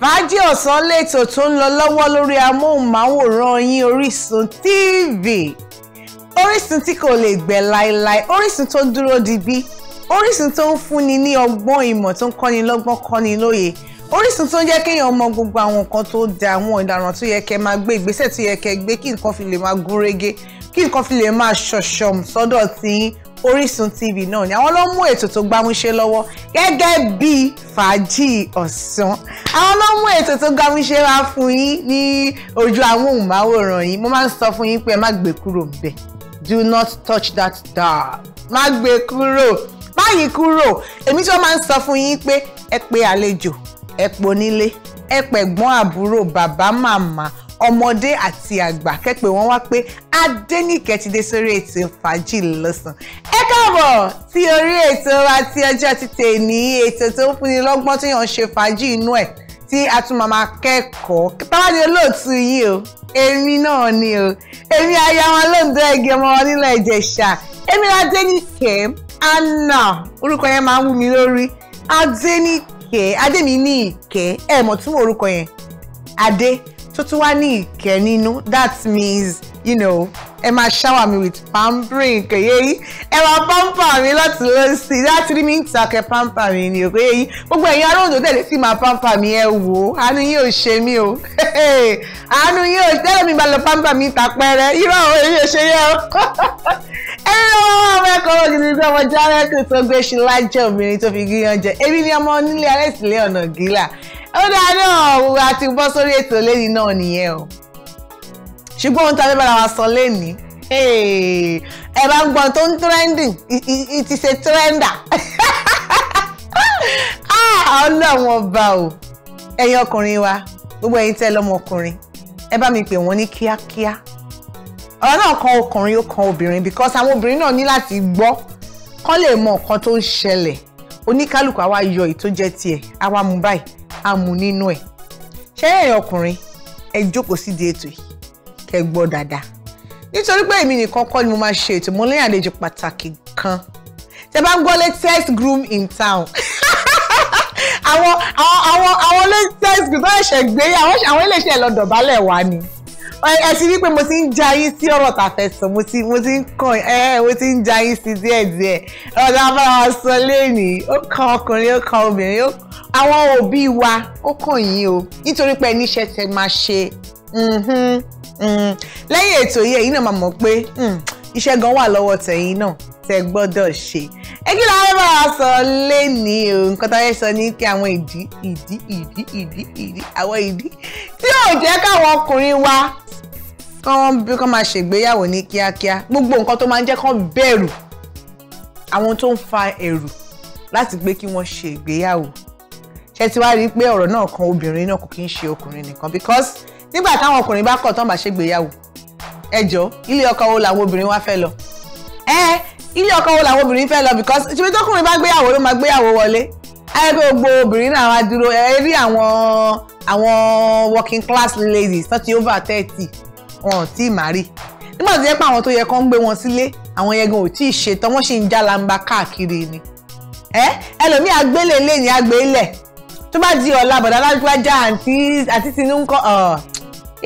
fàájì ọ̀sán lẹ́tọ̀ tó ń lọ lọ́wọ́ lórí amóhùnmáwòrán yín Orísun TV Orísun tí kò lè gbẹ láéláé Orísun tó dúró dibí Orísun tó ń fúnni ní ọgbọ́n ìmọ̀ tó ń kọ́ni lọ́gbọ́n kọ́ni lóye Orísun tó ń jẹ́ kéèyàn mọ gbogbo àwọn nǹkan tó da àwọn ìlànà tó yẹ kẹ́ máa gbé ìgbésẹ̀ tó yẹ kẹ́ gbé kí nǹkan fi lè máa gúnrégé kí nǹkan fi lè máa ṣọ̀ṣọ̀m sọ́dọ̀ tí yín Orísun TV náà ni àwọn ló ń mú ètò tó gbámúṣé lọ́wọ́ gẹ́gẹ́ bí fàájì ọ̀sán àwọn ló ń mú ètò tó gbámúṣé wá fún yín ní ojú amóhùnmáwòrán yín mo máa ń sọ fún yín pé ẹ má gbé kúrò bẹ́ẹ̀ do not touch that dog. má gbé kúrò báyìí kúrò èmi tí wọ́n máa ń sọ fún yín pé ẹ pè àlejò ẹ pè onílé ẹ pè àbúrò bàbá màmá ọmọdé àti àgbà kẹ́pẹ́ wọn wá pé Adéníkẹ́ ti dé sórí ètò fàájì lọ́sàn-án ẹ káàbọ̀ tí orí ètò wa ti ọjọ́ ti tè ní ètò tó ń fúnni lọ́gbọ́n tó yàn ṣe fàájì inú ẹ̀ tí a tún máa kẹ́kọ̀ọ́ tábàdé olóòtú yìí o èmi náà ni o èmi aya wọn lóńdó ẹgẹ ọmọ wọn nílẹ̀ Ìjẹ̀ṣà èmi Adéníkẹ́ Anna orúkọ yẹn máa ń wú mi lórí Adéníkẹ́ Adémi ní ìkẹ́ ẹ̀ mọ̀ túmọ̀ orúkọ yẹn Adé tó tún wá ní ìkẹ́ nínú that means you know ẹ máa shower mi with pampering kẹyẹ yìí ẹ máa pamper mi láti lọ sí láti rí mi ń ta kẹ pamper mi ni òkè yìí gbogbo ẹ̀yin ará òǹdó tẹ̀lé sí máa pamper mi ẹ wò ó àánú yín ò ṣe mí o àánú yín ò tẹ́lẹ̀ mi bá pamper mi ta pẹ́rẹ́ irọ́ àwọn èyí ò ṣe yẹ o ẹ lọ ọmọ ẹ̀kọ́ wọn kìí sọ ọmọ jáwé kò tó gbé ṣe lájẹ obìnrin tó fi gíyan èmi ni ọmọ onílé alẹ́ ìsìlẹ̀ ọ̀nà gíla ó dáa náà a ti bọ́ sórí ètò lẹ́yìn náà nìyẹn o ṣùgbọ́n ohun tí a fẹ́ bára wa sọ lẹ́nìí ẹ bá ń gbọ́n tó ń trending it is a trender ah, ọlọ́run ọba o ẹ̀yin ọkùnrin wa gbogbo ẹ̀yin tẹ́ lọ́mọkùnrin ẹ bá mi pè wọ́n ní kíákíá ọ̀rọ̀ náà kan ọkùnrin ó kan obìnrin because àwọn obìnrin náà ní láti gbọ́ kán lè mọ nǹkan tó ń ṣẹlẹ̀ oníkálùkù àwa yọ èyí tó jẹ́ tiẹ̀ àwa mú báyìí amú nínú ẹ̀ ṣẹ́yìn ẹ̀yìn ọkùnrin ẹ jókòó sí di ètò yìí kẹ́ gbọ́ dáadáa nítorí pé èmi nìkan kọ́ ni mo máa ṣe ètò mo lẹ́yìn àlejò pàtàkì kan tẹ́ bá ń gbọ́ latest groom in town àwọn àwọn àwọn latest groom tó ṣẹ̀ṣẹ̀ gbé àwọn ilé iṣẹ́ lọ́dọ̀ balẹ̀ wá ni ẹ ti rí pé mo ti ń ja yín sí ọ̀rọ̀ tàfẹ́sọ̀ mo ti mo ti ń kàn ẹ mo ti ń ja yín sí díẹ̀ díẹ̀ ọ̀dà abára sọ lẹ́nìí ó kan ọkùnrin ó kan obìnrin ó àwọn òbí wa ó kàn yín o nítorí pé ẹni iṣẹ́ tẹ máa ṣe lẹ́yìn ètò yìí ẹ̀yin náà máa mọ̀ pé hmm, iṣẹ́ gan wà lọ́wọ́ tẹ̀yin náà tẹ gbọ́dọ̀ ṣe ẹ kí lóore bá sọ lẹ́ni o nǹkan tó yẹ sọ ní kí àwọn ìdí ìdí ìdí ìdí ìdí àwọn ìdí tí yóò jẹ́ káwọn ọkùnrin wa kán bí kán máa ṣègbéyàwó ní kíákíá gbogbo nǹkan tó máa ń jẹ́ kán bẹ̀rù àwọn tó ń fa ẹ̀rù láti gbé kí wọ́n ṣe ṣe ti wá rí i pé ọ̀rọ̀ náà kan obìnrin náà kò kí ń ṣe ọkùnrin nìkan because nígbà táwọn ọkùnrin bá kọ̀ tán bá ṣègbéyàwó ẹ ilé ọkọ wo làwọn obìnrin wá fẹ́ lọ ẹ ilé ọkọ wo làwọn obìnrin fẹ́ lọ because ṣùgbọ́n tókùnrin bá gbéyàwó ló máa gbéyàwó wọlé ayé pé gbogbo obìnrin náà wá dúró ẹ rí àwọn àwọn working class ladies tó ti over thirty wọn ò tí ì má rí nígbà tó yẹ pé àwọn tó yẹ kán gbé wọn sílé àwọn yẹn gan ò tí ì ṣetán wọn sì ń já lamba káàkiri ni ẹ ẹlòmíì agbélé lè ní agbélẹ̀ tó bá di ọ̀la bọ̀dá lágbájá àti tinú ń kọ́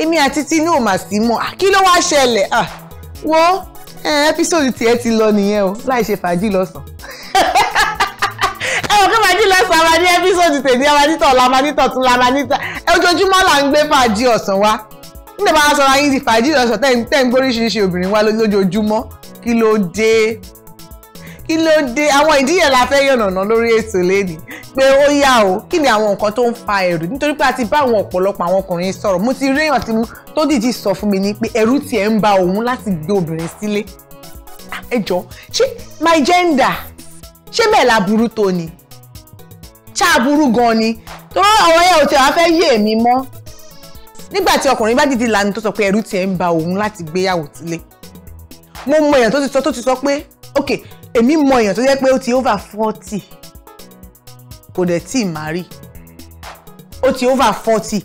èmi àti tinú ò kí ló wá ṣẹlẹ̀ wo ẹ́písòdì tiẹ̀ ti lọ nìyẹn o láì ṣe fàájì lọ́sàn-án ẹ wọ́n kí fàájì lọ́sàn-án wa ní ẹ́písòdì tèmi àwa nítọ̀ ọ̀la àwa nítọ̀ tún la àwa nítọ̀ ojoojúmọ́ là ń gbé fàájì ọ̀sán wa nígbà máa sọ̀rọ̀ ayé ti fàájì lọ́sàn-án tẹ̀ ń gbóríṣiríṣi obìnrin wa lójoojúmọ́ kí ló dé kí ló dé àwọn ìdíyẹ la fẹ́ yànnàná lórí ètò lẹ́ni pé ó yá o kí ni àwọn nǹkan tó ń fa ẹ̀rù nítorí pé a ti bá àwọn ọ̀pọ̀lọpọ̀ àwọn ọkùnrin sọ̀rọ̀ mo ti réyàn tí tó dìjì sọ fún mi ni pé ẹ̀rù tiẹ̀ ń ba òun láti gbé obìnrin sílé ẹ jọ ṣé my gender ṣé bẹ́ẹ̀ la burú tó ni ṣá burú gan ni tó àwọn ẹ̀yà òtí àwọn fẹ́ yé èmi mọ́ nígbà tí ọkùnrin bá dìde lanu tó sọ pé ẹ̀rù tiẹ̀ ń ba òun láti gbéyàwó sílé mo mọ èèyàn tó ti sọ tó ti sọ pé okay èmi mọ èèyàn tó jẹ́ pé ó ti over forty kò dẹ̀ tí ì má rí ó ti over forty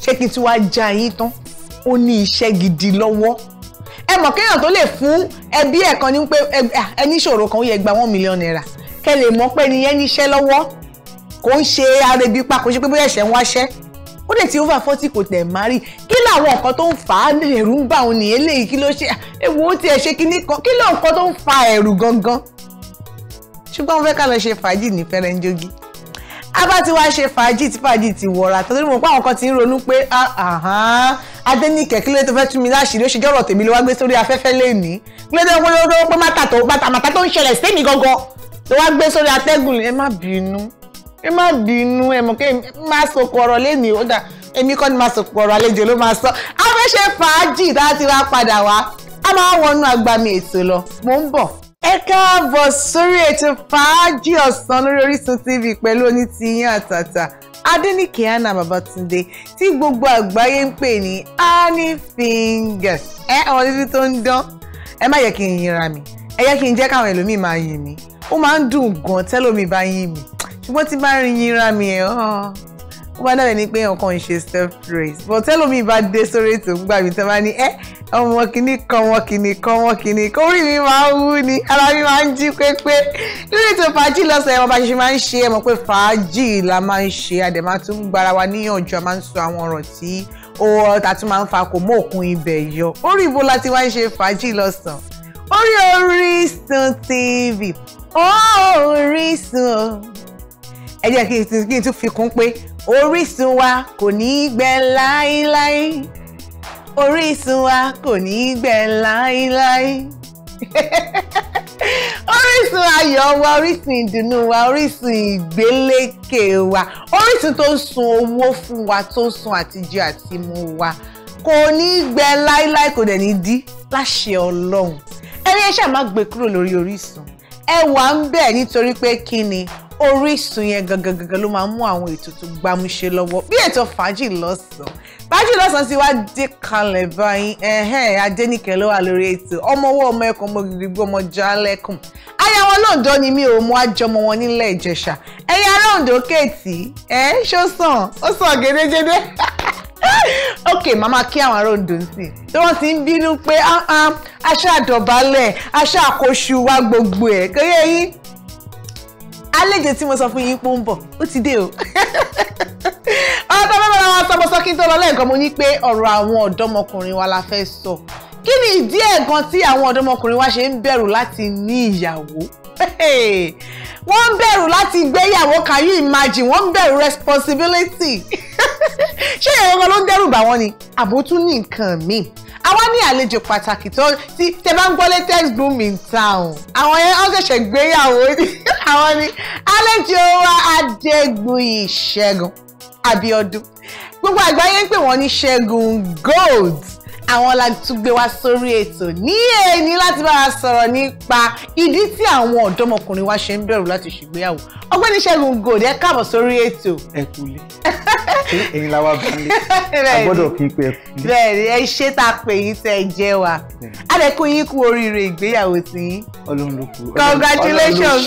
ṣé kí n tún wá já yín tán ó ní iṣẹ́ gidi lọ́wọ́ ẹ mọ̀ kéèyàn tó lè fún ẹbí ẹ̀ kan ní pé ẹni ìṣòro kan ó yẹ gba one million naira kẹ́ lè mọ̀ pé ẹni yẹn níṣẹ́ lọ́wọ́ kò ń ṣe arebi pa kò ṣe pé bóyá ẹ̀ṣẹ̀ ń wáṣẹ́ ó lè ti over forty kò tẹ̀ márì kí làwọn nǹkan tó ń fà á ẹ̀rù ń bà òun nìyẹn léyìí kí ló ṣe ewu ó tiẹ̀ ṣe kinní kan kí ló nǹkan tó ń fa ẹ̀rù gangan ṣùgbọ́n mo fẹ́ ká lọ ṣe fàájì ní fẹ́rẹ́ńjógí abá ti wá ṣe fàájì tí fàájì ti wọ̀ra tọ́jú mọ̀ pé àwọn kan ti ń ronú pé adẹ́nìkẹ́ kí ló tó fẹ́ tú mi láṣìírí ó ṣe jọ́rọ̀ tèmi ló wá gbé sórí afẹ́fẹ́ lénìí kí ló tó fẹ́ pé mátà tó ń ṣẹlẹ̀ sí mi gangan ló gbé sórí atẹ́gùn ẹ má bínú ẹ má bínú ẹ mọ̀ kí ẹ má sọkọ ọ̀rọ̀ lẹ́nu ó dà èmi kọ́ ni má sọkọ ọ̀rọ̀ àlejò ló máa sọ a fẹ́ ṣe fàájì láti wá padà wá a máa wọnú agbami ètò lọ mò ń bọ̀ ẹ káàbọ̀ sórí ètò fàájì ọ̀sán lórí Orísun TV pẹ̀lú oní ti yín àtàtà Adéníkè Anna Babatunde tí gbogbo àgbáyé ń pè ní honey fingers ẹ àwọn títí tó ń dán ẹ má yẹ kí n yinra mi ẹ yẹ kí n jẹ́ káwọn ẹlòmíì máa yin mi ó máa ń dùn gan tẹ́lómi bá yin mi ṣùgbọ́n tí bá rin yín ra mi ẹ̀ hàn ó bá dàbẹ̀ ni pé ọkàn ń ṣe self praise but tẹ́lómi bá dé sórí ètò gbà mí tẹ́ bá ní ẹ́ ọmọ kìíní kan wọn kìíní kan wọn kìíní kan orí mi máa ń wú ni ara mi máa ń jí pépé lórí ètò fàájì lọ́sẹ̀ ẹ̀wọ̀n bá ṣe máa ń ṣe ẹ̀ mọ̀ pé fàájì la máa ń ṣe àdèmá tún gbára wa níyànjú a máa ń sọ àwọn ọ̀rọ̀ tí ó ọ̀tà tún máa ń fa kò mọ́ òkun ibẹ̀ yọ orí ibo láti wá ń ṣe fàájì lọ́sàn orí Orísun TV Orísun ẹ jẹ́ kí n tún fi kún pé orísun wa kò ní í gbẹ láíláí orísun wa kò ní í gbẹ láíláí orísun ayọ̀ wa orísun ìdùnnú wa orísun ìgbélékè wa orísun tó ń sun owó fún wa tó ń sun àtijọ́ àti mu wa kò ní í gbẹ láíláí kò dẹ̀ ní dí láṣẹ ọlọ́run ẹni ẹ ṣáà má gbé kúrò lórí orísun ẹwà ń bẹ nítorí pé kí ni orísun yẹn gangan gangan ló máa ń mú àwọn ètò tó gbámúṣe lọ́wọ́ bí ètò fàájì lọ́sàn-án fàájì lọ́sàn-án ti wá dé kalẹ̀ báyìí ẹ̀hẹ́n adẹ́nìkẹ́ ló wà lórí ètò ọmọ ọwọ́ ọmọ ẹ̀kọ́ ọmọ gidigbó ọmọ jálẹ̀kùn aya wọn lóńdó ni mi ò mú àjọmọ wọn nílẹ̀ ìjẹ̀ṣà ẹ̀yà lóńdó kẹ́ẹ̀tì ẹ̀ ṣó sàn ó sàn gédégédé ok màmá kí àwọn ará Ondo sí tí wọ́n ti ń bínú pé aṣọ ah, ah, àdọ̀bálẹ̀ aṣọ àkóṣù wa gbogbo ẹ̀ kéré yín àlejò tí mo sọ fún yín pé ó ń bọ̀ ó ti dé o ọ̀tọ̀ bẹ́ẹ̀ bá sọ mo sọ kí n tó lọ lẹ́ẹ̀kan mo ní pé ọ̀rọ̀ àwọn ọ̀dọ́mọkùnrin wa la fẹ́ sọ kí ni ìdí ẹ̀gan tí àwọn ọ̀dọ́mọkùnrin wa ṣe ń bẹ̀rù láti ní ìyàwó wọ́n ń bẹ̀rù láti gbéyàwó can you imagine wọ́n ń bẹ̀rù responsibility ṣé ìyàwó kan ló ń dẹ́rù bà wọ́n ni àbó tún ní nǹkan míì àwa ní àlejò pàtàkì tó ti tẹ bá ń gbọ́ latest boom town àwọn yẹn wọ́n ṣẹ̀ṣẹ̀ gbéyàwó àwọn ni àlejò wa Adégbùyí Ṣẹ́gun Abíọ́dún gbogbo àgbáyé ń pè wọ́n ní Ṣẹ́gun Gold àwọn la tún gbé wá sórí ètò ní èyí láti bá wa sọ̀rọ̀ nípa ìdí tí àwọn ọ̀dọ́mọkùnrin wa ṣe ń bẹ̀rù láti ṣègbéyàwó ọgbẹ́ni ṣẹ́gun gòdè ẹ káàbọ̀ sórí ètò. ẹ kúlé ẹ̀yin la wá bílé a gbọ́dọ̀ kí n pé ẹ kúlé. bẹ́ẹ̀ni ẹ ṣe tá a pè yín tẹ́ ẹ jẹ́ wa adẹkùn yín kú oríire ìgbéyàwó tí. Ọlọ́run congratulations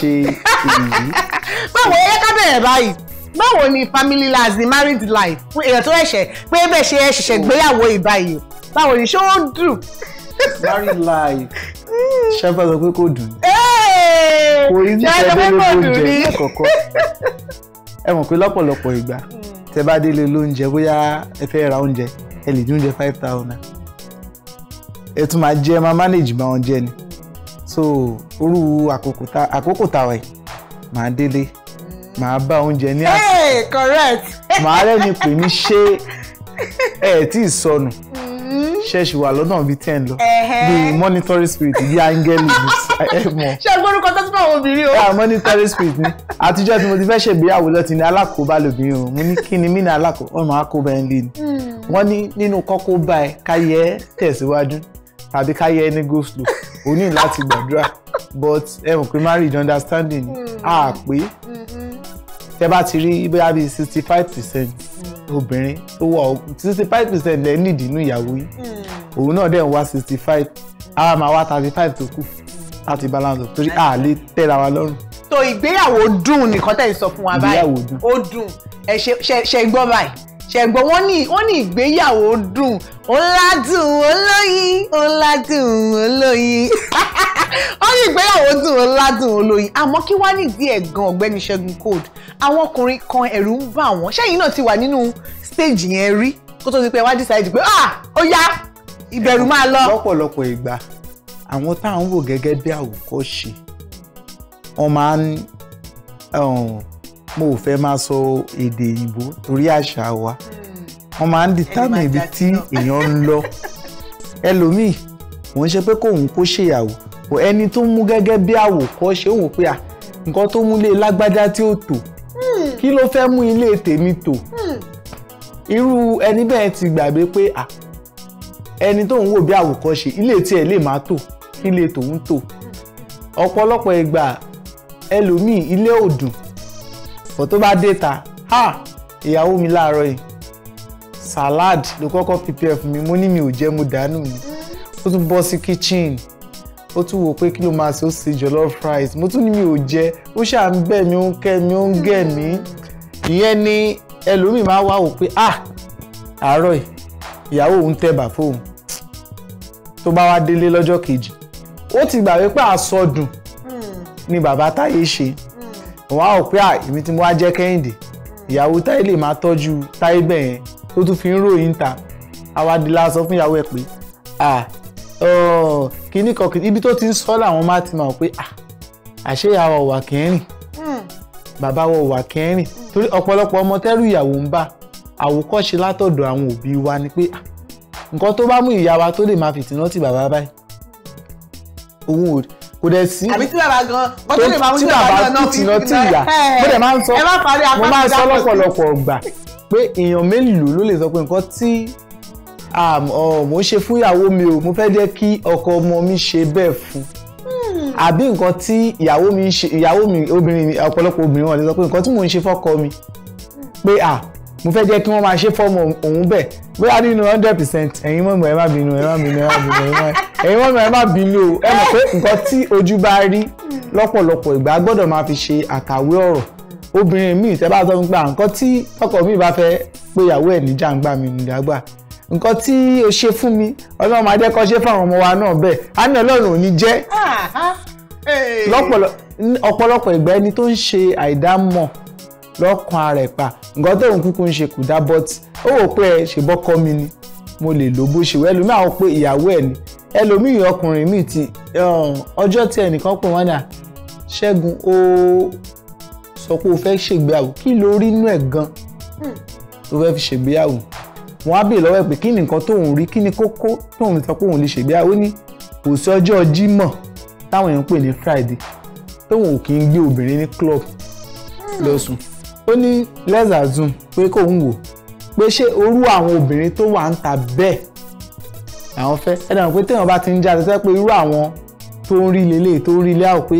báwo ẹ ká bẹ̀rẹ̀ báyìí báwo ni family life the married life fún èèyàn tó ẹ̀ṣẹ̀ pé bẹ́ẹ̀ ṣe ẹ̀ ṣẹ̀ṣẹ̀ oh. gbéyàwó ìbáyìí o báwo ni ṣé ó dùn. very light ṣẹ́fà sọ pé kò dùn. kò rí ní ẹgbẹ́ lóúnjẹ lẹ́kọ̀ọ́kọ́ ẹ mọ̀ pé lọ́pọ̀lọpọ̀ ìgbà tẹ bá délé lóúnjẹ bóyá ẹ fẹ́ ra oúnjẹ ẹ lè dín oúnjẹ five thousand ẹ tún máa jẹ máa manage máa oúnjẹ ni so orú àkókò táwa ẹ̀ máa délé màá bá oúnjẹ ní àsìkò correct màá rẹ́ni pè mí ṣé ẹ tí ì sọnù hmm ṣẹ́ẹ̀ṣì wà lọ́nà bíi ten lọ bíi monitoring spirit bíi áńgẹ́lì ẹ mọ̀. ṣé agbórúkọ tó ti fún àwọn obìnrin o. ẹ monitoring spirit ni àtijọ́ tí mo ti fẹ́ ṣègbéyàwó lọ́ọ́ ti ní alákòóbá lóbìnrin o mo ní kí ni mí ní alákòóbá ọmọ akóbá ẹ̀ ń lé ni. Hmm. wọ́n ní nínú kọ́kó bá ẹ káyẹ tẹ̀síwájú tàbí káyẹ ẹni go slow o ní láti gbàdúrà but ẹ mọ̀ pé marriage understanding ni àpé hmm. hmm. tẹ bá ti rí bóyá sixty five percent obìnrin tó wà sixty five percent lẹ́ nídìí inú ìyàwó yìí hmm. òun náà dẹ̀ ń wá sixty five a máa wá thirty five tó kù láti balance up torí a lè tẹ́ra wa lọ́rùn. tó ìgbéyàwó dùn nìkan tẹ̀ ń sọ fún wa báyìí ó dùn ẹ ṣe gbọ́ báyìí ṣẹ̀gbọ́n wọ́n ní wọ́n ní ìgbéyàwó dùn ọ̀làdùn olóyin ọ̀làdùn olóyin wọ́n ní ìgbéyàwó dùn ọ̀làdùn olóyin àmọ́ kí wá nìdí ẹ̀ gan ọ̀gbẹ́ni ṣẹ́gun code àwọn ọkùnrin kan ẹ̀rù ń bà wọ́n ṣẹ́yìn náà ti wà nínú stage yẹn rí kó tó di pé wá decide pé ah ó yá ìbẹ̀rù máa lọ. lọ́pọ̀lọpọ̀ ìgbà àwọn tá à ń wò gẹ́gẹ́ bí àwòkọ́ṣe wọ́n máa ń um, mo ò fẹ́ máa sọ èdè òyìnbó torí àṣà wa hmm. wọ́n máa ń determine ibi tí èèyàn ń lọ ẹlòmíì kò ń ṣe pé kóun kó ṣèyàwó kò ẹni tó mú gẹ́gẹ́ bí àwòkọ́ṣe ó wò pé à ah, nǹkan tó mú lé lágbájá tí ó tò kí ló fẹ́ mú ilé tèmi tò irú ẹni bẹ́ẹ̀ ti gbàgbé pé ẹni tó ń wò bí àwòkọ́ṣe ilé tiẹ̀ lè máa tò kí ilé tòun tò ọ̀pọ̀lọpọ̀ ìgbà ẹlòmíì ilé ò dùn kò tó bá dé ta ha ìyàwó mi láàárọ̀ yìí salad ló kọ́kọ́ prepare fún mi mo ní mi ò jẹ́ mo dànù ni ó tún bọ́ sí kitchen ó tún wò pé kí ló máa ṣe ó ṣe jollof rice mo tún ní mi ò jẹ ó ṣáà ń bẹ̀ mí ó ń kẹ́ mi ó ń gẹ̀ mí ìyẹn ni ẹlòmíì máa wá wò pé ah àárọ̀ yìí ìyàwó òun tẹ bà fóun tó bá wá délé lọ́jọ́ kejì ó ti gbà wípé àsọdùn ni bàbá táyé ṣe òun hmm. á wò pé ah èmi tí mo wá jẹ́ kẹ́hìndé ìyàwó táyé lè máa tọ́jú táyé bẹ̀yẹn tó tún fi ń ròyìn ta àwa di la sọ fún ìyàwó ẹ̀ pé ah Oh, kínní kan ibi tó ti ń sọ làwọn máa ti mọ̀ pé ah, àṣé ìyàwó wà kẹrin hmm. bàbá wọ wà kẹrin hmm. torí ọ̀pọ̀lọpọ̀ ọmọ tẹ́rù ìyàwó ń bà àwòkọ́ṣe látọ̀dọ̀ àwọn òbí wa ni pé ah, nǹkan tó bá mú ìyá wa tó lè máa fìtínà ti bàbá báyìí òun ò kò dẹ̀ sí. àbí tí bàbá gan bọ́tò lè máa mú tí bàbá náà fi náà tí ìyá mo dẹ̀ máa ń sọ mo máa ń sọ lọ́pọ̀lọpọ̀ ọgbà pé èèyàn mélòó ló lè sọ pé nǹkan tí Ah, oh, mo ń ṣe fún ìyàwó mi o mo fẹ́ jẹ́ kí ọkọ ọmọ mi ṣe bẹ́ẹ̀ fún hmm. àbí nǹkan tí ìyàwó mi ṣe ìyàwó mi obìnrin ọ̀pọ̀lọpọ̀ obìnrin wọn lè sọ pé nǹkan tí mò ń ṣe fọ́kọ mi pé à mo fẹ́ jẹ́ kí wọ́n máa ṣe fọ́ọ̀mù òun bẹ́ẹ̀ bóyá nínú hundred percent ẹ̀yin mọ̀mọ́ ẹ má bínú ẹ má bínú ẹ má bínú ẹ̀yin mọ̀mọ́ ẹ má bínú o ẹ mọ̀ pé nǹkan tí ojú bá rí lọ́pọ̀lọpọ̀ ìgbà gbọ́dọ̀ máa fi ṣe àkàwé ọ̀rọ̀ obìnrin míì tẹ́ bá sọ fún gbà nǹkan tí ọkọ mi bá fẹ́ pé ìyàwó ẹ̀ níjà ń gbà mí nígbàgbà nǹkan tí o ṣe fún mi ọlọ́run máa jẹ́ kó ṣe fún àwọn ọmọ wa náà bẹ́ẹ̀ àánú ọlọ́run ò ní jẹ́ ọ̀pọ̀lọpọ̀ ìgbà ẹni tó ń ṣe àìdámọ̀ lọ́kàn ara ẹ̀ pa nǹkan tóun kúkú ń ṣe kù dá bọ́t ó wò pé ẹ ṣèbọ́kọ mi ni mo lè lò bó ṣe wẹ́ ẹlòmíì àwọn pé ìyàwó ẹ̀ ni ẹlòmíì ọkùnrin míì ti um, ọjọ́ tí ẹnìkan pè wọ́n náà ṣẹ́gun ó sọ pé o fẹ́ ṣègbéyàwó kí ló inú ẹ̀ gan tó hmm. fẹ́ fi ṣègbéyàwó wọ́n á bèè lọ́wọ́ ẹ̀ pé kí ni nǹkan tóun rí kí ni kókó tóun sọ pé òun lè ṣègbéyàwó ní kò sí ọjọ́ jímọ̀ táwọn èèyàn pè ní friday tóun ò kì í gbé obìnrin ní club lọ hmm. sùn ó ní let's zoom pé kóun wò pé ṣé orú àwọn obìnrin tó wà ń ta bẹ́ẹ̀ àwọn fẹ́ ẹ dànù pé téèyàn bá ti ń jáde sẹ́ pé irú àwọn tó ń rí lélẹ̀ tó ń rí ilé àwọ̀ pé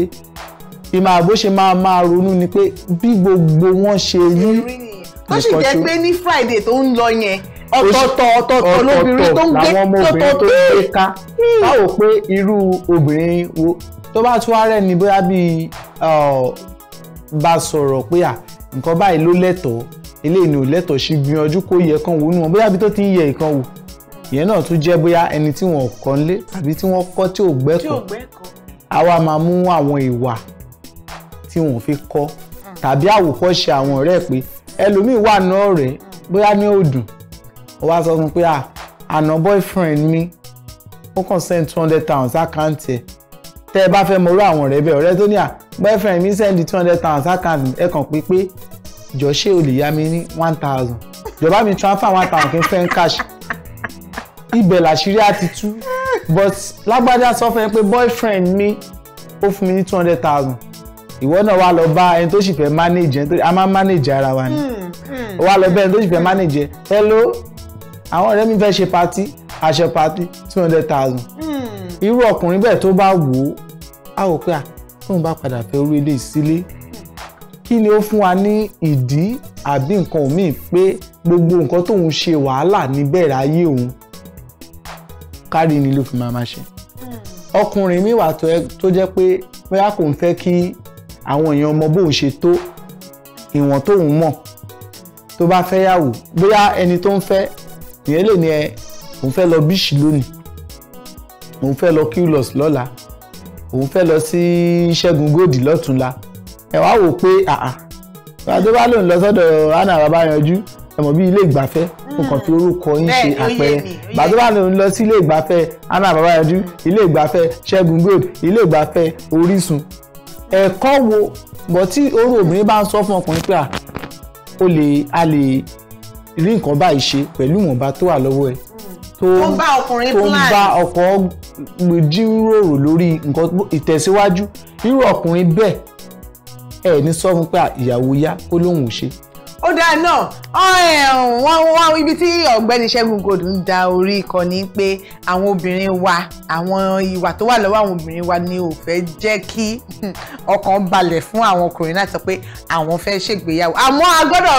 ìmọ̀ àbó ṣe máa máa ronú ni pé bí gbogbo wọn ṣe rí nìkan tó. ó sì jẹ́ pé ní friday tó ń lọ yẹn ọ̀tọ̀ọ̀tọ̀ ọ̀tọ̀ọ̀tọ̀ lóbìnrin tó ń gbé lọ́tọ̀ tó ń ká hmm. báwo pé irú obìnrin wo tó bá tún ara ẹni bóyá bíi bá sọ̀rọ̀ pé à nǹkan báyìí ló lẹ́tọ̀ọ́ eléyìí ni ò lẹ́tọ̀ọ́ ṣì gbìyànjú kó yẹ kan wò nù wọn bóyá bí tó ti ń yẹ ìkan wò ìyẹn náà tún jẹ́ bóyá ẹni tí wọ́n kọ́ nílé àbí tí wọ́n kọ́ tí ò gbẹ́kọ̀ọ́ àwa máa mú àwọn ìwà tí wọ́n fi kọ́ hmm. tàbí àwòkọ́ṣe àwọn ọ̀rẹ́ pé ẹlòmíì wà náà rẹ̀ bóyá ní òdùn ó wá sọ fún pé à ah, àná boyfriend mi o kàn send two hundred thousand àkáǹtì ẹ̀ tẹ́ ẹ mo fẹ́ mọ orú àwọn ọ̀rẹ́ bẹ́ẹ̀ ọ̀rẹ́ tó ah, boyfriend mi send two hundred thousand àkáǹtì ẹ̀ kàn pé pé jọ o lè yá mi ní one thousand jọba mi transfer 1,000 thousand kí cash Ibe la á ti tú but lágbájá sọ fún ẹ boyfriend mi ó fún mi ní two hundred thousand ìwọ náà wá lọ bá ẹni tó sì fẹ́ manage ẹni tó a máa manage ara wa ni hmm, hmm. wá lọ bá ẹni tó sì fẹ́ manage ẹ hello àwọn ọ̀rẹ́ mi fẹ́ ṣe patí àṣẹ patí two hundred thousand hmm. irú ọkùnrin bẹ́ẹ̀ tó bá wò ó á wò pé à tóun bá padà fẹ́ orí ilé ìsílé kí ni ó fún wa ní ìdí àbí nǹkan míì pé gbogbo nǹkan tóun ṣe wàhálà níbẹ̀rẹ̀ ayé òun kárí ni ló fi máa máa ṣe hmm. ọkùnrin mi wà tó jẹ́ pé bóyá kò ń fẹ́ kí àwọn èèyàn ọmọ bóun ṣe tó ìwọ̀n tóun mọ̀ tó bá fẹ́ yàwó bóyá ẹni tó ń fẹ́ ìyẹn lè ní ẹ òun fẹ́ lọ bíṣì lónìí òun fẹ́ lọ qlos lọ́la òun fẹ́ lọ sí ṣẹ́gun góòdì lọ́túnla ẹ wá wò pé àà tó bá lòun lọ sọ́dọ̀ anna babayanju ẹ mọ̀ bí ilé ìgbafẹ́ nǹkan fi hmm. orúkọ yín ṣe àpẹẹrẹ bàtó bá lòun lọ sí ilé ìgbafẹ́ anna babayanju ilé ìgbafẹ́ ṣẹ́gun gold ilé ìgbafẹ́ orísun ẹ̀kọ́ wo bọ̀ tí orú obìnrin bá ń sọ fún ọkùnrin pé à o lè a lè rí nǹkan báyìí ṣe pẹ̀lú ìwọ̀nba tó wà lọ́wọ́ ẹ tó ń bá ọkùnrin plan tó ń bá ọkọ jíròrò lórí nǹkan ìtẹ̀síwájú irú ọkùnrin bẹ́ẹ̀ ẹ ní sọ fún pé ìyàwó yá kó lóun ò ṣe ó dáa náà wọ́n wọ́n ibi tí ọ̀gbẹ́ni Ṣẹ́gun Godù ń da orí ìkànnì pé àwọn obìnrin wa àwọn ìwà tó wà lọ́wọ́ àwọn obìnrin wa ni ò fẹ́ jẹ́ kí hmm, ọkàn balẹ̀ fún àwọn ọkùnrin láti sọ pé àwọn fẹ́ ṣègbéyàwó àmọ́ a gbọ́dọ̀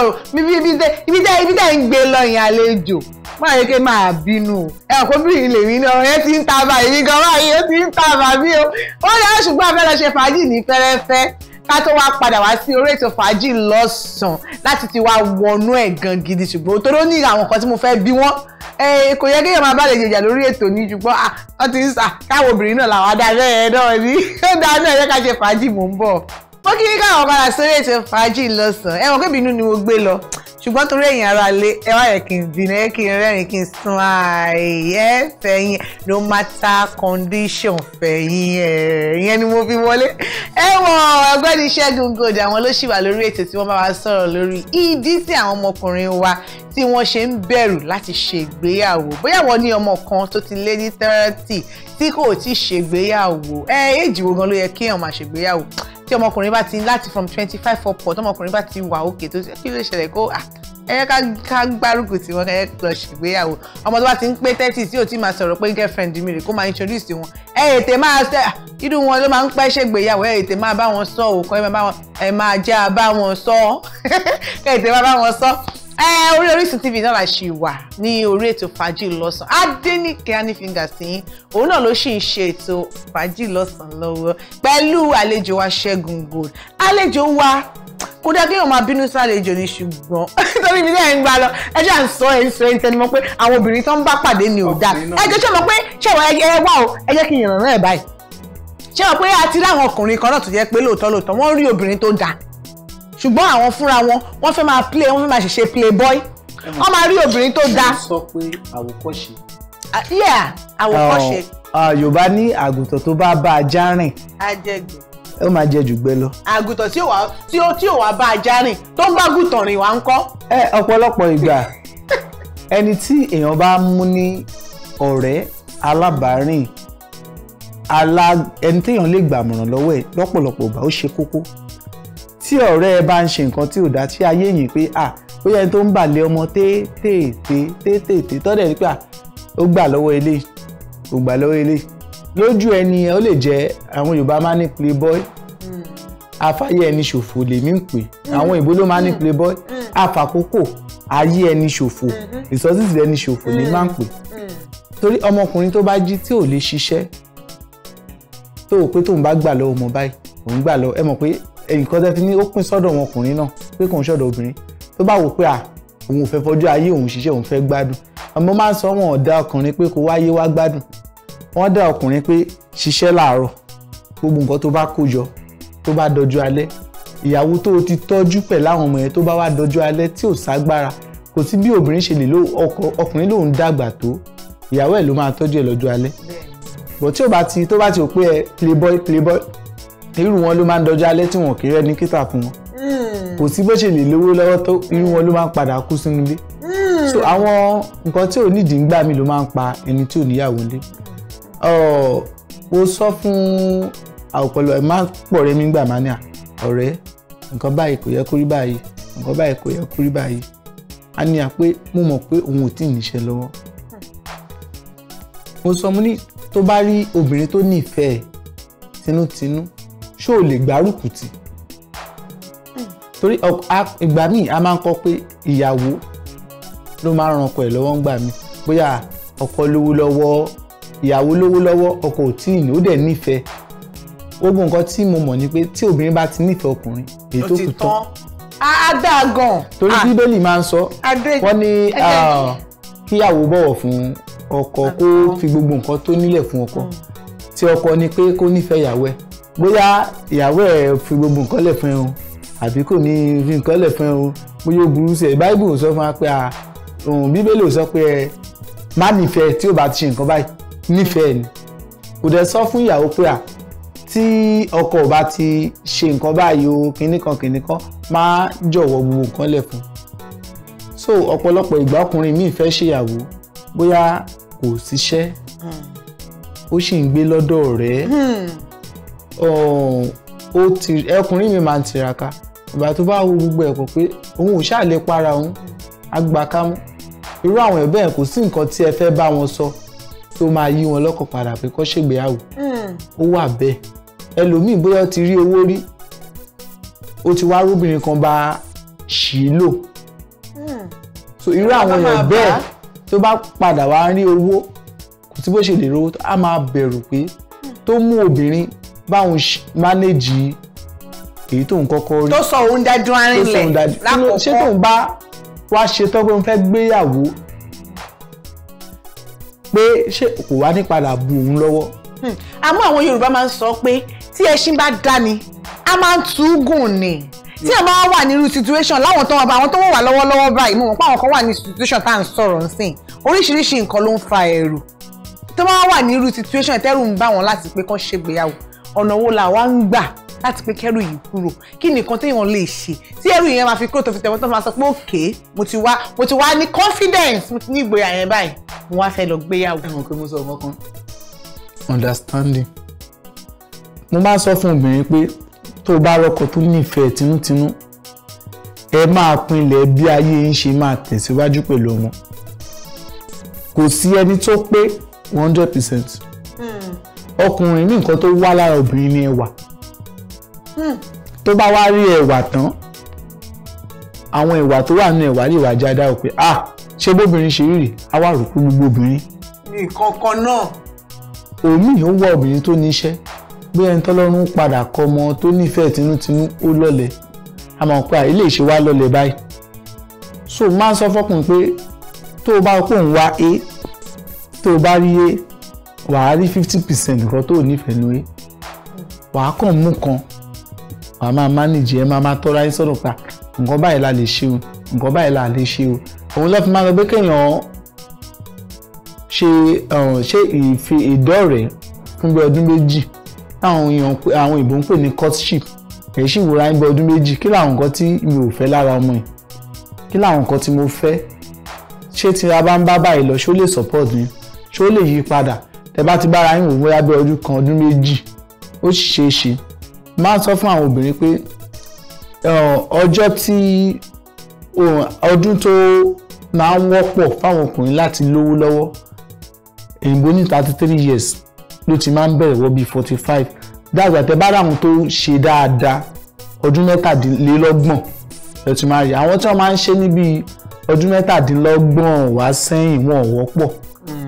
ibi tẹ́ ibi tẹ́ ń gbé lọ yẹn àlejò máa yẹ kí máa bínú ẹ kó bí ilé mi náà ẹ ti ń ta bàbí gan báyìí ó ti ń ta bàbí o ó yẹ ṣùgbọ́n abẹ́rẹ́ ṣe fàájì ní fẹ́rẹ́fẹ́ ká tó wá padà wá sí orí ètò fàájì lọ́sàn-án láti ti wá wọnú ẹ̀ gan gidi ṣùgbọ́n tó ló ní àwọn nǹkan tí mo fẹ́ bí wọ́n eh, kò yẹ kéèyàn máa bá lè jèjà lórí ètò ní ṣùgbọ́n ah, wọ́n ti ń sà káwọn obìnrin náà làwọn adarẹ́ ẹ̀ náà ní ó dáná ẹ̀yẹ́ ká ṣe fàájì mò ń bọ̀ mo kí ní káwọn padà sórí ètò fàájì lọ́sàn ẹ̀wọ̀n kébìnú ni mo gbé lọ ṣùgbọ́n torí ẹ̀yin ara lé ẹ wá yẹ kí n bínú ẹ kí n rẹ́rìn kí n sun àìyẹ́ fẹ̀yìn no matter condition fẹ̀yìn ẹ̀ ìyẹn ni mo fi wọlé. ẹ wọ ọ̀gbẹ́ni Ṣẹ́gun Gold àwọn ló ṣì wà lórí ètò tí wọ́n bá wa sọ̀rọ̀ lórí ìdí tí àwọn ọmọkùnrin wa tí wọ́n ṣe ń bẹ̀rù láti ṣe bóyá wọ́n ní ọmọ kan tó ti lé ní tẹ́rẹ́tì tí kò tí ṣègbéyàwó ẹ éèjì wo gan ló yẹ kéèyàn máa ṣègbéyàwó tí ọmọkùnrin bá ti láti from twenty five upward tọmọkùnrin bá ti wà òkè tó kí ló ṣẹlẹ̀ kó ẹyẹ ah, ká gbárùkù tí wọn kẹ lọ ṣègbéyàwó ọmọ tó bá ti ń pé thirty tí ò tí máa sọ̀rọ̀ pé girlfriend mi rè kó máa introduce wọn ẹ ètè máa ṣe ah, irú wọn ló máa ń pẹ́ ṣègbéyàwó ẹ ètè máa bá wọn sọ òkò ẹ máa jẹ́ àbá wọn sọ ẹ ètè máa bá wọn sọ ẹ eh, orí Orísun TV náà la ṣì wà ní orí ètò fàájì lọ́sàn Adéníkẹ́ Honeyfingers tìyín òun náà ló sì ń ṣe ètò fàájì lọ́sàn lọ́wọ́ pẹ̀lú àlejò wa Ṣẹ́gun Gold àlejò wa kò dá kéèyàn máa bínú sálejò ni ṣùgbọ́n nítorí mi náà ń gbà lọ ẹ ṣáà ń sọ ẹ ń sọ ẹ ń tẹnumọ́ pé àwọn obìnrin tó ń bá pàdé ni ò dáa ẹ jẹ́ ṣe mọ̀ pé ṣé ẹ wá o ẹ jẹ́ kí n yànnà náà ẹ̀ báyìí ṣé o pé a ti láwọn ọkùnrin kan náà tó jẹ́ pé lóòótọ́ lóòótọ́ wọ́n rí obìnrin tó dáa ṣùgbọ́n àwọn fúnra wọn wọ́n fẹ́ máa play wọ́n fẹ́ máa ṣẹ̀ṣẹ̀ play boy wọ́n máa rí obìnrin tó dáa. sọ pé àwòkọ́ṣe. Ah, yeah àwòkọ́ṣe. yorùbá ní àgùntàn tó bá bá ajá rìn. ajẹgbẹ. ó máa jẹ jù gbẹ lọ. àgùntàn tí ò wá tí ó tí ò wá bá ajá rìn tó ń bá àgùntàn rìn wá ń kọ́. ẹ ọ̀pọ̀lọpọ̀ ìgbà ẹni tí èèyàn bá mú ní ọ̀rẹ́ alábàárìn ẹni téèyàn lè gbàmọ̀ràn lọ́wọ́ ẹ̀ lọ́pọ̀lọpọ̀ ìgbà ó ṣe kókó tí ọ̀rẹ́ ẹ bá ń ṣe nǹkan tí ò dá sí ayé yìí pé à ó yẹ tó ń bàlẹ̀ ọmọ tètè tètè tọ́dẹ̀ ní pé à ó gbà lọ́wọ́ ilé ó gbà lọ́wọ́ ilé lójú ẹni ó lè jẹ́ àwọn Yorùbá máa ní playboy afáyé ẹni ṣòfò lèmi ń pè àwọn ìbò ló máa ní playboy afàkókò ayé ẹni ṣòfò resources ẹni ṣòfò lèmi máa ń pè torí ọmọkùnrin tó bá jí tí ò lè ṣiṣẹ́ tó o pé tóun bá gbà lọ́wọ́ ọmọ báyìí òun gbà lọ ẹ mọ̀ pé nǹkan tẹ́ fi ní ó pín sọ́dọ̀ wọn ọkùnrin náà pé kò ń sọ́dọ̀ obìnrin tó bá wò pé à òun ò fẹ́ fọjú ayé òun ṣiṣẹ́ òun fẹ́ gbádùn àmọ́ máa ń sọ wọn ọ̀dà ọkùnrin pé kó wáyé wá gbádùn wọ́n dá ọkùnrin pé ṣiṣẹ́ làárọ̀ gbogbo nǹkan tó bá kó jọ tó bá dọjú alẹ́ ìyàwó tó o ti tọ́jú pẹ̀ láwọn ọmọ yẹn tó bá wá dọjú alẹ́ tí ò ságbára kò sí bí obìnrin ṣe lè lo ọkùnrin lòun dàgbà tó ìyàwó ẹ̀ ló máa tọ́jú ẹ̀ lọ́jọ́ alẹ́ bọ̀ tí ò bá ti tó bá ti rò pé ẹ playboy playboy irú wọn ló máa ń dọjọ́ alẹ́ tí wọn kì í rẹ́ni kíta fún wọn kò sí bó ṣe lè lówó lọ́wọ́ tó irú wọn ló máa ń padà kú sínú ilé so àwọn nǹkan tí ò nídìí ń gbà mí ló máa ń pa ẹni tí ò níyàwó lé mo sọ fún ọpọlọ ẹ má pọ̀ rẹ́mi gbà má ní à ọ̀rẹ́ nǹkan báyìí kò yẹ kó rí báyìí nǹkan báyìí kò yẹ kó rí báyìí a ní à pé mo mọ̀ pé òun ò tí ì níṣẹ́ lọ́wọ́ mo sọ mo ní tó bá rí obìnrin tó nífẹ̀ẹ́ tinútinú ṣó o lè gbárùkù tì torí ìgbà míì a máa ń kọ́ pé ìyàwó ló máa ń ran ọkọ ẹ̀ lọ́wọ́ ń gbà mí bóyá ọkọ lówó lọ́wọ́ ìyàwó lówó lọ́wọ́ ọkọ ò tí ì ní ó dẹ̀ nífẹ̀ẹ́ ogun nǹkan tí mo mọ̀ ni pé tí obìnrin bá ti nífẹ̀ẹ́ ọkùnrin èyí tó kù tán á dáa gan. torí ah. bíbélì máa ń sọ wọ́n ní kíyàwó bọ̀wọ̀ fún ọkọ kó fi gbogbo nǹkan tó nílẹ̀ fún ọkọ mm. tí ọkọ ni pé kó nífẹ̀ẹ́ ìyàwó ẹ̀ bóyá ìyàwó ẹ̀ fi gbogbo nǹkan lẹ̀ fún ẹ o àbí kò ní fi nǹkan lẹ̀ fún ẹ o bóyá ó burú sí ẹ báíbù sọ fún wa pé ohun bíbélì sọ pé ẹ má nífẹ̀ẹ́ tí ó bá ti ṣe nǹkan báyìí nífẹ̀ẹ́ ni kò dẹ̀ sọ fún ìyàwó pé à tí ọkọ ò bá ti ṣe nǹkan báyìí o kìnnìkan kìnnìkan má jọ̀wọ́ gbogbo nǹkan lẹ̀ fún so ọ̀pọ̀lọpọ̀ ìgbà ọkùnrin míì fẹ́ ṣèyàwó bóyá kò síṣẹ́ hmm. ó sì ń gbé lọ́dọ̀ rẹ̀ ẹkùnrin mi máa ń tiraka ìgbà tó bá wo gbogbo ẹ̀kọ́ pé òun ò ṣáà lè para òun agbákámú irú àwọn ẹ̀bẹ̀ yẹn kò sí nǹkan tí ẹ fẹ́ bá wọn sọ tó máa yí wọn lọ́kàn padà pé kó ṣègbéyàwó hmm. ó wà bẹ́ẹ̀ ẹlòmíì bóyá ó ti rí owó rí ó ti wá rúbìnrin kan bá ṣì í lò hmm. so irú àwọn èèyàn bẹ́ẹ̀ tó bá padà wá rí owó kò sí bó ṣe lè rówó a máa bẹ̀rù pé hmm. tó mú obìnrin báwọn manage èyí tó ń kọ́kọ́ rí. tó sọ òun dájú arìnlẹ̀ lákòókò ṣé tóun bá wá ṣe tán pé òun fẹ́ gbéyàwó pé ṣé kò wá ní padà bu òun lọ́wọ́. Hmm. àmọ́ àwọn Yorùbá máa ń sọ pé tí ẹṣin bá dáni a máa ń tú gùn ni tí ẹ máa wà nínú situation láwọn tó wọn bá àwọn tó wọ́n wà lọ́wọ́lọ́wọ́ báyìí mo mọ̀ pé àwọn kan wà ní situation tá à ń sọ̀rọ̀ nsìn oríṣiríṣi nǹkan ló ń fa ẹ̀rù tó máa wà nírú situation tẹ́rù ń bá wọn láti pé kán ṣègbéyàwó ọ̀nà wo là wá ń gbà láti pé kẹ́rù yìí kúrò kí nìkan téèyàn lè ṣe tí ẹrù yẹn máa fi kúrò tó fi tẹ̀wọ́n tó máa sọ pé òkè mo ti wá mo ti wá ní confidence mo ti ní ìgboyà yẹn báyìí mo wá fẹ́ lọ gbéyàwó. ẹ mọ̀ pé mo sọ ọ̀kan kan understanding mo máa ń sọ fún obìnrin pé tó o bá rọkọ tó nífẹ̀ẹ́ tinútinú ẹ máa pinlẹ̀ bí ayé ń ṣe máa tẹ̀síwájú pẹ̀lú ọmọ kò sí ẹni tó pé one hundred percent ọkùnrin ní nǹkan tó wá lára obìnrin ní ẹwà hmm. tó bá wá rí ẹwà tán àwọn ẹwà tó wà nínú ẹwà lè wá jáde ó pé ah ṣé bóbìnrin ṣe rírì á wá rò pé gbogbo obìnrin. nǹkan kan náà. òmíì ó wá obìnrin tó níṣẹ́ bí ẹni tọ́lọ́run padà kọ ọmọ tó nífẹ̀ẹ́ tinútinú ó lọ́lẹ̀ a mọ̀ pé ilé ìṣe wa lọ́lẹ̀ báyìí so máa ń sọ fọkùnrin pé tó o bá kó òun wá a tó o bá rí a wàá rí fifty percent nǹkan tó nífẹ̀ẹ́ lórí wàá kàn mú kan wàá máa manage ẹ máa máa tọ́ra ẹ sọ̀rọ̀ pa nǹkan báyìí la lè ṣe o nǹkan báyìí la lè ṣe o òun lọ́ọ́ fi máa lọ pé kéèyàn ṣe ṣe ìfi ìdọ́rẹ̀ẹ́ fún bí ọdún méjì táwọn èèyàn àwọn ìbò ń pè ní courtship èyí sì wòrán gbọ́ ọdún méjì kí làwọn nǹkan tí mi ò fẹ́ lára ọmọ yìí kí làwọn nǹkan tí mo fẹ́ ṣé tí a bá ń bá báyìí lọ ṣó lè support mi ṣó lè yí padà tẹ bá ti bára yín wò bóyá bí ọdún kan ọdún méjì ó sì ṣeé ṣe máa sọ fún àwọn obìnrin pé ọjọ́ tí ọdún tó máa ń wọ́pọ̀ fáwọn ọkùnrin láti lówó lọ́wọ́ èyìnbó ní thirty three years ló ti máa ń bẹ̀rẹ̀ wọ́ bíi forty five dáàbà tẹ bá ráhùn tó ṣe dáadáa ọdún mẹ́tàdínlélọ́gbọ̀n ló ti máa rí àwọn tí wọ́n máa ń ṣe ní bíi ọdún mẹ́tàdínlọ́gbọ̀n wá sẹ́yìn wọn ò wọ́pọ̀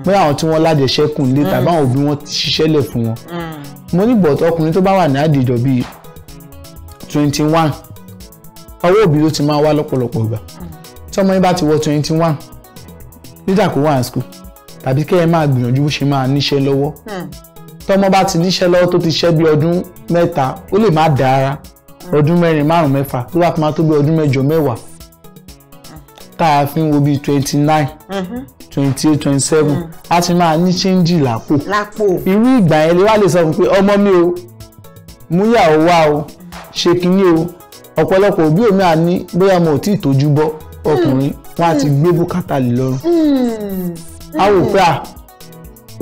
Mm. bóyá àwọn tí wọ́n lájẹṣẹ́kù nílé tàbí mm. àwọn òbí wọn ti ṣiṣẹ́lẹ̀ fún wọn mm. mo ní bọ̀t ọkùnrin tó bá wà ní àdìjọ bíi twenty one ọwọ́ òbí ló ti máa wá lọ́pọ̀lọpọ̀ ìgbà tí ọmọ yín bá ti wọ twenty one nígbà kó wà ní school tàbí kẹ́ ẹ máa gbìyànjú bó ṣe máa níṣẹ́ lọ́wọ́ tọmọ bá ti níṣẹ́ lọ́wọ́ tó ti ṣẹ́ bí ọdún mẹ́ta ó lè má dára ọdún mẹ́rin márùn mẹ́fà tó wà tó máa tó bí ọdún mẹ́jọ mẹ́wàá tá a fi ń wo bíi twenty nine mm-hmm twenty eight twenty seven hmm. a ti máa ní ṣéńjì lápò lápò irú ìgbà yẹn lè wá lè sọ fún pé ọmọ mi o múyàwó wá o ṣe kínní o ọ̀pọ̀lọpọ̀ òbí òmí à bóyá mo ò tí ì tójú bọ́ hmm. ọkùnrin wọn á hmm. gbé bùkátà lè lọ́rùn a wò pé à ah,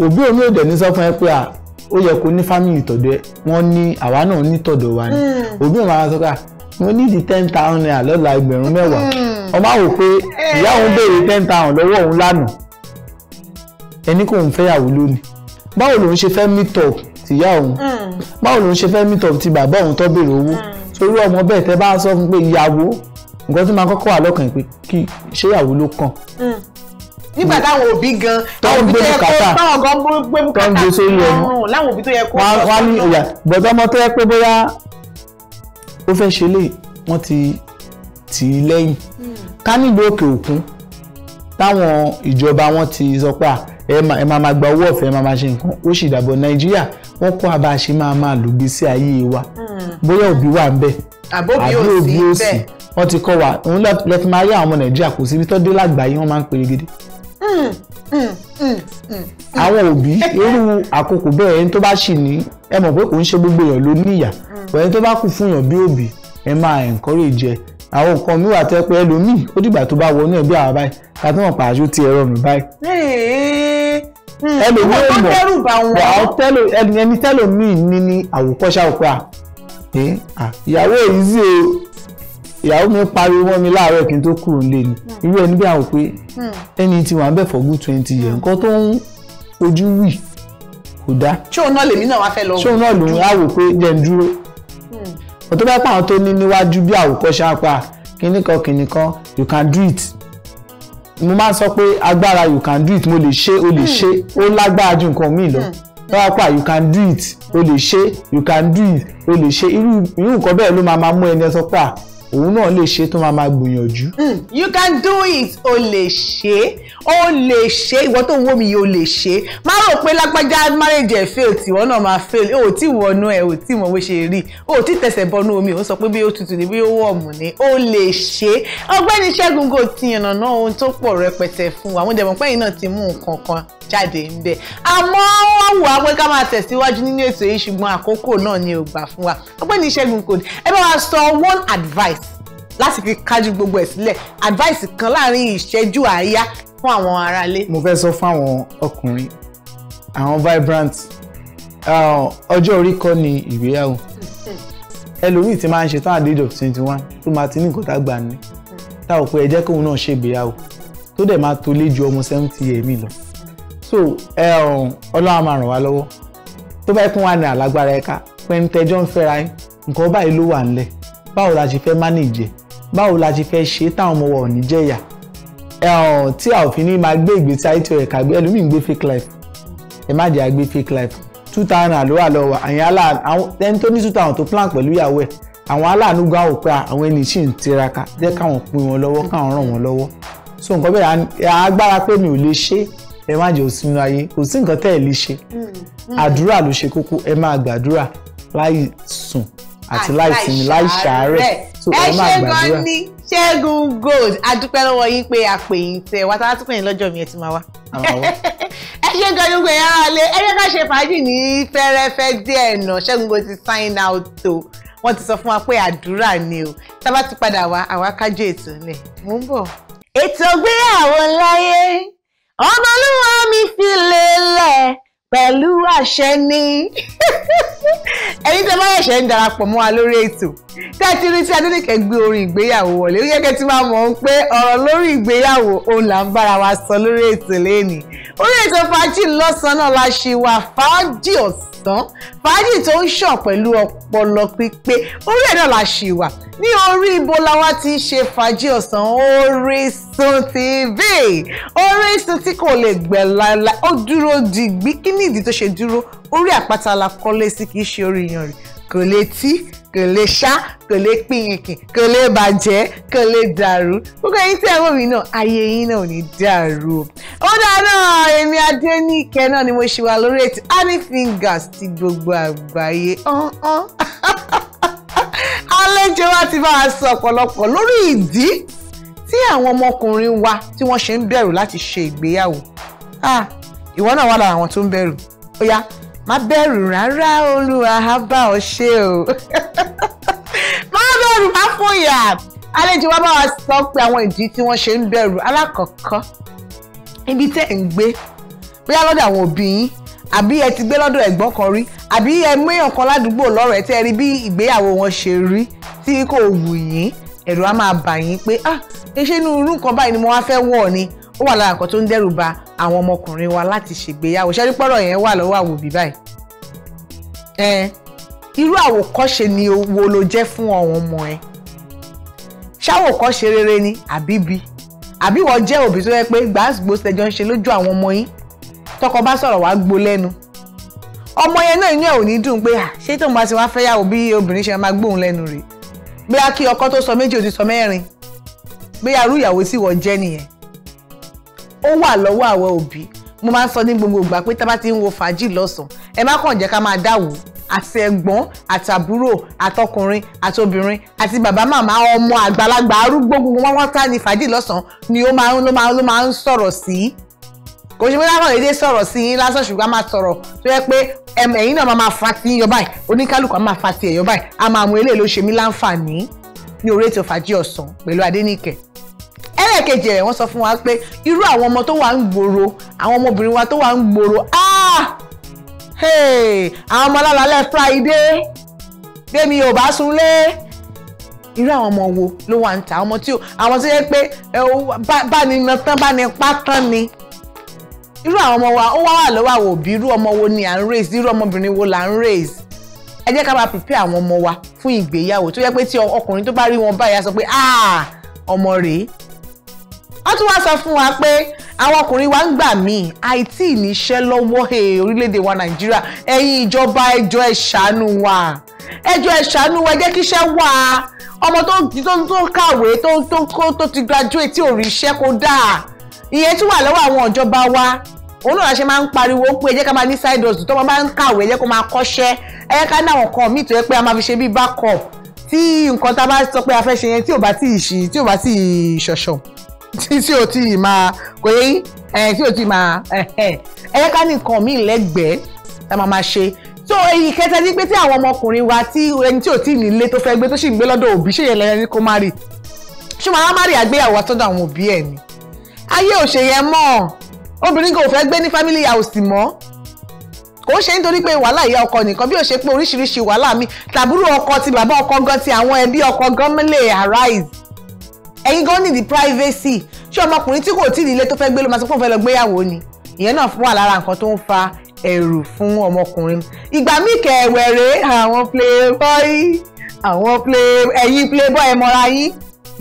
òbí òmí ò dẹ̀ ní sọ fún ẹ pé à ah, ó yẹ kó ní fámìlì tọ̀dọ̀ ẹ wọ́n ní àwa náà ní tọ̀dọ̀ wa ni òbí òmí àwọn sọ pé à ah, mo ní di ten thousand naira lọ́la ẹgbẹ̀rún mẹ́wàá ọmọ àwò pé eh. ìyá òun béèrè ten thousand lọ́wọ́ òun lánàá ẹni kò ń fẹ́yàwó lónìí báwo lòun ṣe fẹ́ meet up tìyá òun hmm. báwo lòun ṣe fẹ́ meet up ti bàbá òun tó béèrè owó hmm. torí ọmọ bẹ́ẹ̀ tẹ́ bá sọ fún pé ìyàwó nǹkan tó máa kọ́kọ́ wà lọ́kàn pé kí ṣéyàwó ló kàn hmm. nígbà táwọn òbí gan àwọn òbí tó yẹ kó báwọn gan gbé bùkátà sí ọrùn láwọn òbí tó yẹ kó lọ sọ́nà. wọ́n ní bọ̀dọ̀ ọmọ tó yẹ pé bóyá ó fẹ́ ṣe lè wọ́n ti tì í lẹ́yìn ká nílùú òkè òkun táwọn ìjọba wọn ti sọ pé ẹ máa máa gba owó ọ̀fẹ́ ẹ máa máa ṣe nǹkan ó sì dàbọ̀ nàìjíríà wọ́n kọ́ àbá ṣe máa máa lò gbèsè ayé wa hmm. bóyá òbí wà ń bẹ̀ àbóbí òsì bẹ́ẹ̀ wọ́n ti kọ́ wa òun lọ fi máa rí àwọn ọmọ nàìjíríà kò síbi tó dé lágbàáyé wọ́n máa ń perégedé hmm, hmm, àwọn òbí irú àkókò bẹ́ẹ̀ ẹni tó bá sì ní ẹ mọ̀ pé kò ń ṣe gbogbo èèyàn ló ní ìyà ẹni tó bá kù fún èèyàn bí òbí ẹ máa encourage àwọn nǹkan mi wà tẹ́ pé ẹlòmíì ó dìgbà tó bá wọnú ẹbí àwọn báyìí ká tó mọ̀ pàṣẹ ti ẹ̀rọ mi báyìí. ẹlòmíì ẹni tẹ́lòmíì ní ní àwòkọ́ṣà òkú à ìyàwó èyí sí o ìyàwó mi pariwo mọ́ mi láàárọ̀ kí n tó kúrò nílé ni hmm. irú ẹni bí àwọn pé hmm. ẹni tí wọ́n á bẹ̀ for twenty years hmm. nǹkan tó ń ojú wì kò dá. ṣé òun náà lèmi náà wá fẹ́ lọ. ṣé òun náà lòun á wò pé jẹ́ ń dúró tó bá pa àwọn tó ní níwájú bí àwòkọ́ṣe apá kìnnìkan kìnnìkan you can do it mo máa ń sọ pé agbára you can do it mo lè ṣe o lè hmm. ṣe ó lágbára ju nǹkan míì lọ hmm. báwa pa you can do it o lè ṣe you can do it o lè ṣe irú irú nǹkan bẹ́ẹ̀ ló máa máa mú ẹni sọ pé à òun náà lè ṣe tó máa máa gbìyànjú. Hmm, you can do it o lè ṣe o lè ṣe ìwọ tó ń wò mí yìí o lè ṣe má rò pé lágbájá marriage ẹ̀ fail tìwọ náà máa fail o tí wọnú ẹ o tí mọ bó ṣe rí o tí tẹsẹ̀ bọnú omi o sọ pé bí ó tutù ni bí ó wọ̀ọ̀mù ni o lè ṣe ọgbẹ́ni ṣẹ́gun kò ti yànnà náà ohun tó pọ̀ rẹpẹtẹ fún wa mo dẹ̀ mọ̀ pé ẹ̀yin náà ti mú nǹkan kan jáde ń bẹ̀ àmọ́ wọ́n wà pé ká máa tẹ̀síwájú nínú ètò yìí ṣùgbọ́n àkókò náà ni ò gbà fún wa ọgbẹ́ni ṣẹ́gun kò ẹ bá wa sọ one advice láti fi kájú gbogbo ẹ̀ sílẹ̀ advice kan láàrin ìṣẹ́jú àáyá fún àwọn aráalé. mo fẹ́ sọ fún àwọn ọkùnrin àwọn vibrant ah, ọjọ́ orí kọ́ ni ìgbéyàwó ẹlòmíì ti máa ń ṣe tán at tó máa ti ní gbà ní tá ò pé ẹ náà ṣe ìgbéyàwó tó dẹ̀ máa ọmọ seventy year lọ so eh, lọ́wọ́ tó báwo la ṣe fẹ́ ṣe táwọn ọmọ wa ò ní jẹ̀yà tí a ò fi ní máa gbé ìgbésí ayé tí ó yẹ ká gbé ẹlòmíì ń gbé fake life ẹ má jẹ́ àgbé fake life two thousand ló wà lọ́wọ́ àyìn aláàánú àwọn ẹni tó ní two thousand tó plan pẹ̀lú ìyàwó ẹ̀ àwọn aláàánú gan ò pé àwọn ẹni sì ń tiraka jẹ́ káwọn pín wọn lọ́wọ́ káwọn ràn wọ́n lọ́wọ́ so nǹkan bẹ́ẹ̀ agbára pé mi ò lè ṣe ẹ má jẹ́ òsínú ayé kò sí nǹkan tẹ́ ẹ lè ṣe mm, mm. àdúrà ló ṣe kókó ẹ máa gbàdúrà láì sùn àti láìsinmi láìṣàárẹ̀ tó ẹ má gbàdúrà. ẹ ṣe gan ni ṣẹ́gun gold adúpẹ́ lọ́wọ́ yín pé àpèyìn tẹ wá tàbí àtúpẹ̀yìn lọ́jọ́ mi ẹ ti máa wá. ẹ ṣe gan ni pé yàrá lé ẹ jẹ́ ká ṣe fàájì ní fẹ́rẹ́fẹ́ díẹ̀ nà ṣẹ́gun gold ti sign out o wọ́n ti sọ fún wa pé àdúrà ni o tá ti padà wá àwa kájọ ètò nílẹ̀ mò ń bọ̀. ètò ìgbéyàwó láyé ọmọlúwa mi fi lélẹ̀ pẹ̀lú àṣẹ ni. ẹ̀yin tẹ́ bá ṣẹ̀ṣẹ̀ ń darapọ̀ mọ́ wa lórí ètò tẹ́tí ní tí Adélékè gbé orin ìgbéyàwó wọlé ó yẹ kẹ́ ti máa mọ̀ ọ́n pé ọ̀rọ̀ lórí ìgbéyàwó òun là ń bára wa sọ lórí ètò lẹ́nìí orí ètò fàájì lọ́sàn-án náà la ṣe wà fàájì ọ̀sán fàájì tó ń ṣàn pẹ̀lú ọpọlọ pípé orí ẹ̀ náà la ṣe wà ní orí ibo làwa ti ṣe fàájì ọ̀sán Orísun TV Orísun tí kò lè gbẹ̀ láéláé ó dúró digbí kí ni ìdí tó ṣe dúró orí àpáta la kọ́lé sí kì í ṣe orí yanrìn kò lè tí kò lè ṣá kò lè pínyìnkì kò lè bàjẹ́ kò lè dàrú gbogbo ẹ̀yin tí ẹ wò mí náà ayé yín náà ò ní dàrú ó dáná èmi Adéníkẹ́ náà ni mo ṣe wà lórí ètò honey fingers ti gbogbo àgbáyé ọ̀hún wa ti bá a sọ ọ̀pọ̀lọpọ̀ lórí ìdí tí àwọn ọmọkùnrin wa tí wọ́n ṣe ń bẹ̀rù láti ṣe ìgbéyàwó ah ìwọ náà wà lára àwọn tó ń bẹ̀rù ó yá má bẹ̀rù rárá olúwa á bá ọ ṣe o má bẹ̀rù má fún ìyà àlejò wa bá wa sọ pé àwọn ìdí tí wọ́n ṣe ń bẹ̀rù alákọ̀ọ́kọ́ ibi tẹ́ ń gbé bóyá lọ́dọ̀ àwọn òbí yín àbí ẹ ti gbé lọ́dọ̀ ẹ̀gbọ́n kan rí àbí ẹ méèyàn kan ládùúgbò lọ́rọ̀ ẹ tẹ́ rí bí ìgbéyàwó wọn ṣe rí tí kò wù yín ẹ̀rù á máa bà yín pé ah ṣe inú irú nǹkan báyìí ni mo wá fẹ́ wọ̀ ni ó wà lára nǹkan tó ń dẹ́rù ba àwọn ọmọkùnrin wa láti ṣègbéyàwó ṣẹ́rí pọ́rọ̀ yẹn wà lọ́wọ́ àwòbí báyìí ẹ irú àwòkọ́ṣe ni wo ló jẹ́ fún àwọn ọmọ ẹ ṣàwòkọ́ṣe rere ni àbíbi àbí wọ́n jẹ́ òbí tó yẹ pé gbàásùgbò ṣẹjọ́ ń ṣe lójú àwọn ọmọ yín tọkọ bá sọ̀rọ̀ wá gbó lẹ́nu ọmọ yẹn náà inú ẹ̀ ò ní dùn pé ṣé tóun bá ti wá fẹ́yàwó bí obìnrin ṣe máa gbóhùn lẹ́nu rẹ̀ bí kí ọkọ tó sọ méjì ó ti sọ mẹ́rin bí arú ìyàwó tí wọ́n jẹ́ nìyẹn ó wà lọ́wọ́ àwọn òbí mo máa ń sọ ní gbogbo ìgbà pé tá bá ti ń wo fàájì lọ́sàn-án ẹ má kàn jẹ́ ká máa dáwò àti ẹ̀gbọ́n àtàbúrò àtọkùnrin àtobìnrin àti bàbá màmá ọmọ àgbàlagbà arúgbó gbogbo wọn wọ́n ta ní fàájì lọ́sàn-án ni ó máa ń ló máa ń ló máa ń sọ̀rọ̀ sí kò ṣe pé láwọn èdè sọ̀rọ̀ sí yín lásán ṣùgbọ́n a máa sọ̀rọ̀ tó yẹ pé ẹ̀yìn náà máa fa ti yín yọ báyìí oníkálùkù á máa fa ti ẹ̀yọ báyìí a máa mú eléyìí ló ṣe mí láǹfààní ní orí ètò fàájì ọ̀sán pẹ̀lú Adéníkẹ́ ẹlẹ́ẹ̀kejì rẹ̀ wọ́n sọ fún wa pé irú àwọn ọmọ tó wà ń gbòòrò àwọn ọmọbìnrin wa tó wà ń gbòòrò ah hey àwọn ọmọ alálàálẹ̀ friday gbẹ̀mí ò bá sunlé irú àwọn ọmọ wo ló wà ń ta ọmọ tí àwọn tó yẹ pé bá ní na tán bá ní pa tán ni irú àwọn ọmọ wa ó wá wà lọ́wọ́ àwọn òbí irú ọmọ wo ni à ń raise irú ọmọbìnrin wo là ń raise ẹ jẹ́ ká máa prepare àwọn ọmọ wa fún ìgbéyàwó tó yẹ pé tí ọkùnrin tó bá rí wọn báyìí á sọ pé ah ọmọ rèé wọ́n tún wáá sọ fún wa pé àwọn ọkùnrin wa ń gbà míì àìtí níṣẹ́ lọ́wọ́ orílẹ̀-èdè wa nàìjíríà ẹ̀yin ìjọba ẹjọ́ ẹ ṣàánú wa ẹjọ́ ẹ ṣàánú wa ẹ jẹ́ kíṣẹ́ wà á ọmọ tó tó kàwé tó tó tó ti graduate tí ò rí iṣẹ́ kó dáa ìyẹn tún wà lọ́wọ́ àwọn ìjọba wa òun náà ṣe máa ń pariwo pé ẹ jẹ́ ká máa ní side hustle tó máa ń kàwé ẹ kó máa kọ́ṣẹ́ ẹ ká ní àwọn kan míì tó yẹ pé a máa fi ṣe bíi backup tí nǹkan tá a bá sọ pé a fẹ́ ṣe yẹn tí ò bá tí ì ṣì tí o ti máa kò ẹ tí o ti máa ẹ ẹ ká ní nǹkan míì lẹ́gbẹ̀ẹ́ a máa máa ṣe tó èyí kẹta ní pé tí àwọn ọmọkùnrin wa tí ẹni tí o tí ì nílé tó fẹ́ gbé tó sì ń gbé lọ́dọ̀ òbí ṣe yẹn lẹ́yìn ní kó má rì ṣé màá má rì àgbéyàwó àtọ́jú àwọn òbí ẹ̀ ni ayé ò ṣe yẹn mọ́ obìnrin kò fẹ́ gbé ní family house mọ́ kò ṣe nítorí pé wàhálà ìyá ọkọ nìkan bí ó ṣe pé oríṣiríṣi wàhálà mi tàbúrò ọkọ ti bàbá ọkọ gan ti àwọn ẹbí ọkọ gan lè arise ẹ̀yin gan ní di privacy ṣé ọmọkùnrin tí kò tí ì nílé tó fẹ́ gbé ló máa sọ fún òun fẹ́ lọ gbéyàwó ni ìyẹn náà wà lára nǹkan tó ń fa ẹ̀rù fún ọmọkùnrin ìgbà míì kẹ̀wẹ̀rẹ̀ àwọn playboy àwọn play ẹ̀yin playboy ẹ̀ mọ́ra yín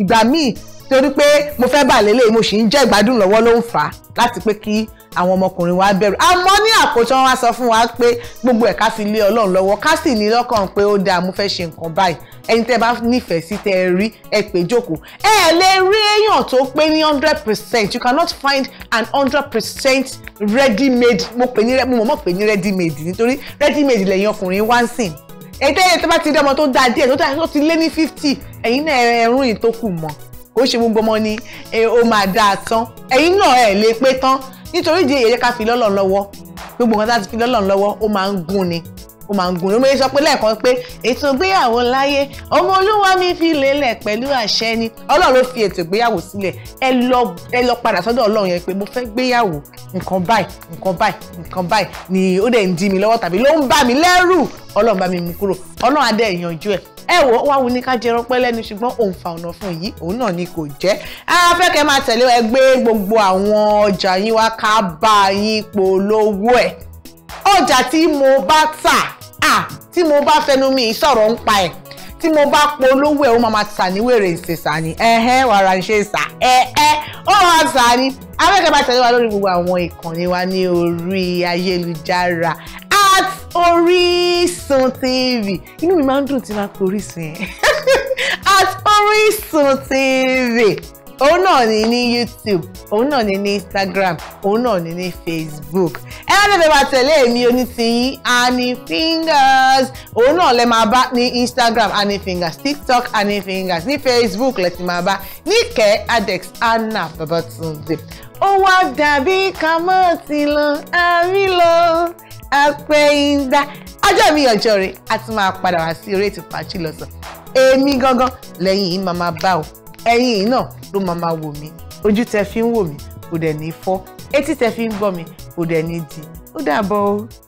ìgbà míì torí pé mo fẹ́ bà lélẹ̀ mo sì ń jẹ́ ìgbádùn lọ́wọ́ ló ń fà á láti pé kí àwọn ọmọkùnrin wa bẹ̀rù àmọ́ ní àkótán wa sọ fún wa pé gbogbo ẹ̀ ká fi lé ọlọ́run lọ́wọ́ ká sì ní lọ́kàn pé ó dáa mo fẹ́ ṣe nǹkan báyìí ẹni tẹ́ bá nífẹ̀ẹ́ sí tẹ́ ẹ rí ẹ pé jókòó ẹ lè rí èèyàn tó pé ní hundred percent you cannot find an hundred percent ready made mo pè ní mo mọ̀ pè ní ready made nítorí ready made lẹ́yìn ọkùnrin wá ń sìn ẹ̀yin tẹ́yẹ tó bá ti dé ọmọ tó da díẹ̀ tó dáa tó ti lé ní fifty ẹ̀yin náà ẹ̀rún yìí tó kù mọ́ kò ṣe gbogbo ọmọ ni ó máa dáa tán ẹ̀yin náà ẹ̀ lè pé tán nítorí ìdí èyí ká fi lọ́lọ́run lọ́wọ́ gbogbo nǹkan tá a ti fi lọ́lọ́run lọ́wọ́ ó máa ń gún ni ó máa ń gùn ló mẹ́rin sọ pé lẹ́ẹ̀kan pé ètò ìgbéyàwó láyé ọmọ olúwa mi fi lélẹ̀ pẹ̀lú àṣẹ ni ọlọ́run ló fi ètò ìgbéyàwó sílẹ̀ ẹ lọ ẹ lọ padà sọ́dọ̀ ọlọ́run yẹn pé mo fẹ́ gbéyàwó nǹkan báyìí nǹkan báyìí nǹkan báyìí ni ó dẹ̀ ń di mi lọ́wọ́ tàbí ló ń bà mí lẹ́rù ọlọ́run bá mi mú kúrò ọlọ́run adé ìyànjú ẹ̀ ẹ wò wá wù ní ká jẹ rọpẹ́ lẹ́nu ṣùgbọ́n òun fa ọ̀nà fún yìí òun náà ni kò jẹ́ afẹ́kẹ́ máa tẹ̀lé ẹgbẹ́ gbogbo àwọn ọjà yín wá ká bá yín polówó ẹ̀ ọjà tí mo bá tà Ah, tí mo bá fẹnu mi sọ̀rọ̀ ń pa ẹ̀ tí mo bá polówó ẹ̀ ó máa ta ní wèrè ń ṣe sá ni ẹ̀hẹ́ wàrà ń ṣe sá ẹ̀ẹ́ ó máa sá ni abẹ́kẹ́ bá tẹ̀lé wa lórí gbogbo àwọn ìkànnì wa ní orí ayélujára at Orísun TV inú mi máa ń dùn tí máa pe Orísun yẹn at Orísun TV òun náà ni ní YouTube òun náà ni ní Instagram òun náà ni ní Facebook ẹ wá níbi bá tẹ̀lé èmi onítìyín Ani Fingers òun náà lẹ máa bá ní Instagram Ani Fingers TikTok Ani Fingers ní Facebook lẹ ti máa bá níkẹ́ Adex Anna Babatunde ó wá dàbí kàmọ́ọ̀tì lọ àmì lọ àpẹ̀yìndà ọjọ́ mi ọjọ́ rẹ̀ a tún máa padà wá sí orí ètò fàájì lọ́sàn-án èmi gangan lẹ́yìn yìí máa máa bá o ẹ̀yin yìí náà ló máa máa wò mí ojú tẹ fi ń wò mí kò dẹ̀ ní fọ́ etí tẹ fi ń gbọ́ mi kò dẹ̀ ní di ó dàbọ̀ o.